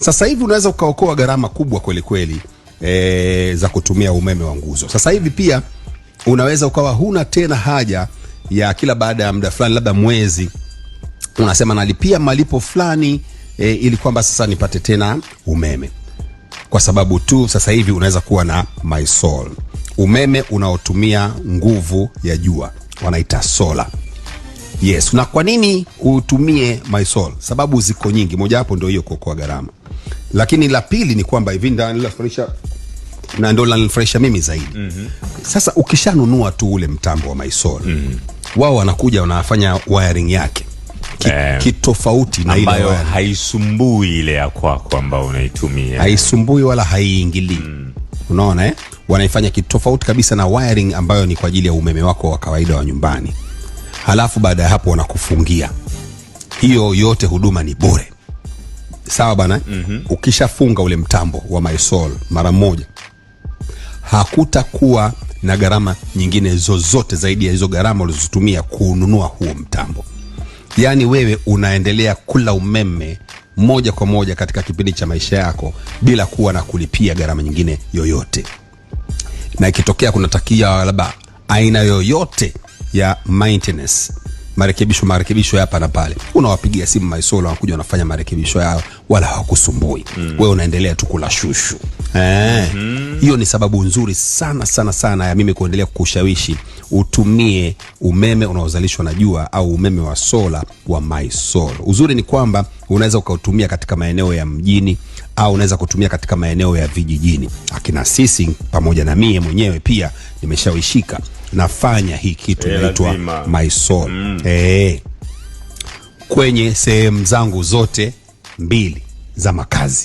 Sasa hivi unaweza ukaokoa gharama kubwa kweli kweli e, za kutumia umeme wa nguzo. Sasa hivi pia unaweza ukawa huna tena haja ya kila baada ya muda fulani, labda mwezi, unasema nalipia malipo fulani e, ili kwamba sasa nipate tena umeme, kwa sababu tu sasa hivi unaweza kuwa na MySol, umeme unaotumia nguvu ya jua, wanaita sola. Yes, na kwa nini utumie MySol? Sababu ziko nyingi, mojawapo ndio hiyo, kuokoa gharama. Lakini la pili ni kwamba hivi nafurahisha na ndo linanifurahisha mimi zaidi. mm -hmm. Sasa ukishanunua tu ule mtambo wa maisol mm -hmm. wao wanakuja wanafanya wiring yake eh. kitofauti ki na ile haisumbui ile ya kwako ambao unaitumia, haisumbui wala haiingilii. mm. Unaona eh? Wanaifanya kitofauti kabisa na wiring ambayo ni kwa ajili ya umeme wako wa kawaida wa nyumbani, halafu baada ya hapo wanakufungia hiyo yote, huduma ni bure sawa bana mm -hmm. Ukishafunga ule mtambo wa MySol mara moja, hakutakuwa na gharama nyingine zozote zaidi ya hizo gharama ulizotumia kununua huo mtambo. Yaani wewe unaendelea kula umeme moja kwa moja katika kipindi cha maisha yako bila kuwa na kulipia gharama nyingine yoyote, na ikitokea kuna takia labda aina yoyote ya maintenance marekebisho marekebisho hapa na pale, unawapigia simu Maisolo, wanakuja wanafanya marekebisho yao, wala hawakusumbui mm. Wewe unaendelea tu kula shushu eh. mm hiyo -hmm. Ni sababu nzuri sana sana sana ya mimi kuendelea kukushawishi utumie umeme unaozalishwa na jua au umeme wa sola wa maisolo Uzuri ni kwamba unaweza ukautumia katika maeneo ya mjini au unaweza kutumia katika maeneo ya vijijini. Akina sisi pamoja na mie mwenyewe pia nimeshawishika nafanya hii kitu eh, inaitwa my soul mm. E, kwenye sehemu zangu zote mbili za makazi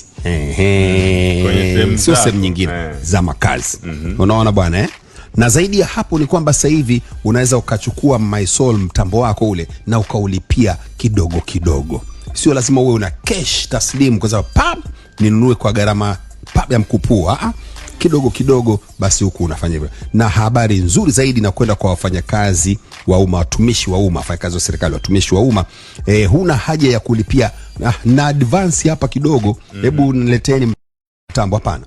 sio sehemu nyingine e, za makazi mm -hmm. Unaona bwana eh? Na zaidi ya hapo ni kwamba sasa hivi unaweza ukachukua my soul mtambo wako ule na ukaulipia kidogo kidogo, sio lazima uwe una cash taslimu, kwa sababu pap ninunue kwa gharama pap ya mkupua ah, ah kidogo kidogo, basi huku unafanya hivyo. Na habari nzuri zaidi na kwenda kwa wafanyakazi wa umma, watumishi wa umma, wafanyakazi wa serikali, watumishi wa umma e, huna haja ya kulipia na, na advance hapa kidogo, mm. hebu mm -hmm. nileteni mtambo. Hapana,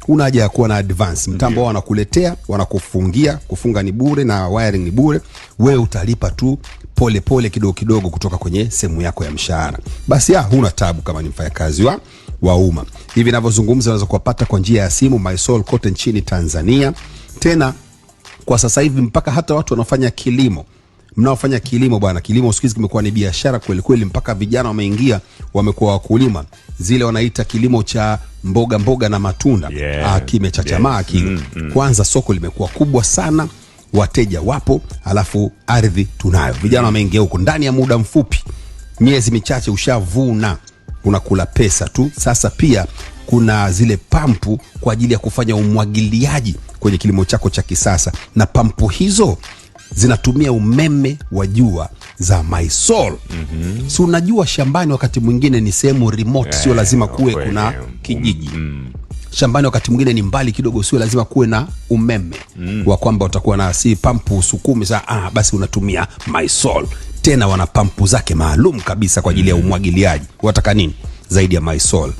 huna haja ya kuwa na advance mtambo wao, wanakuletea wanakufungia, kufunga ni bure na wiring ni bure, wewe utalipa tu pole pole kidogo kidogo kutoka kwenye sehemu yako ya mshahara. Basi ya, ah, huna tabu kama ni mfanyakazi wa wa umma. Hivi ninavyozungumza unaweza kuwapata kwa njia ya simu MySol kote nchini Tanzania. Tena kwa sasa hivi mpaka hata watu wanaofanya kilimo mnaofanya kilimo bwana, kilimo siku hizi kimekuwa ni biashara kweli kweli, mpaka vijana wameingia, wamekuwa wakulima, zile wanaita kilimo cha mboga mboga na matunda yeah, kimechachamaa yes, ah, kile mm, mm. Kwanza soko limekuwa kubwa sana, wateja wapo, alafu ardhi tunayo, vijana wameingia huko, ndani ya muda mfupi, miezi michache ushavuna unakula pesa tu. Sasa pia kuna zile pampu kwa ajili ya kufanya umwagiliaji kwenye kilimo chako cha kisasa, na pampu hizo zinatumia umeme wa jua za Mysol. mm -hmm. Si unajua shambani wakati mwingine ni sehemu remote, yeah, sio eh, lazima kuwe kuna kijiji mm -hmm. Shambani wakati mwingine ni mbali kidogo, sio lazima kuwe na umeme mm. wa kwamba utakuwa na si pampu usukumi saa, ah, basi unatumia Mysol tena wana pampu zake maalum kabisa kwa ajili ya mm. umwagiliaji. Wataka nini zaidi ya Mysol?